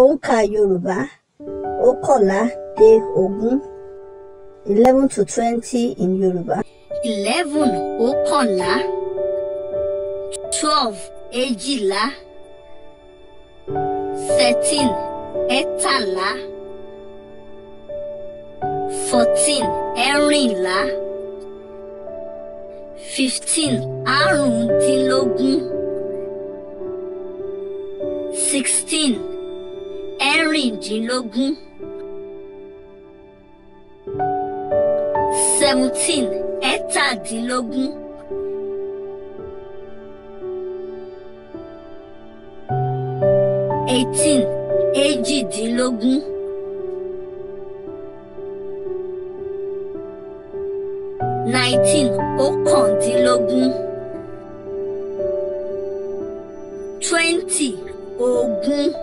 Òǹkà Yorùbá oókànlá De ogún eleven to twenty in Yorùbá. eleven oókànlá twelve èjìlá thirteen ẹ̀tàlá fourteen ẹ̀rìnlá fifteen àrùndínlógún sixteen mẹ́rìndínlógún seventeen ẹ̀tàdínlógún eighteen èjìdínlógún nineteen ọ̀kàndínlógún twenty ogún.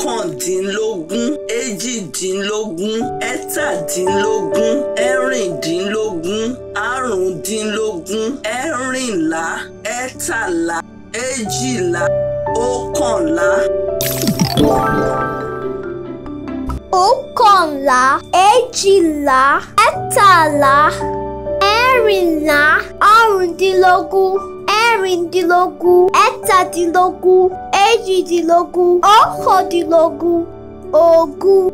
mọ́kàndínlógún èjìdínlógún ẹ̀tàdínlógún ẹ̀rìndínlógún àrùndínlógún ẹ̀rìnlá ẹ̀tàlá èjìlá ọ̀kànlá. ọ̀kànlá èjìlá ẹ̀tàlá ẹ̀rìnlá àrùndínlógún mẹ́rìndínlógún ẹ̀tàdínlógún èjìdínlógún ọ̀kàndínlógún ogún.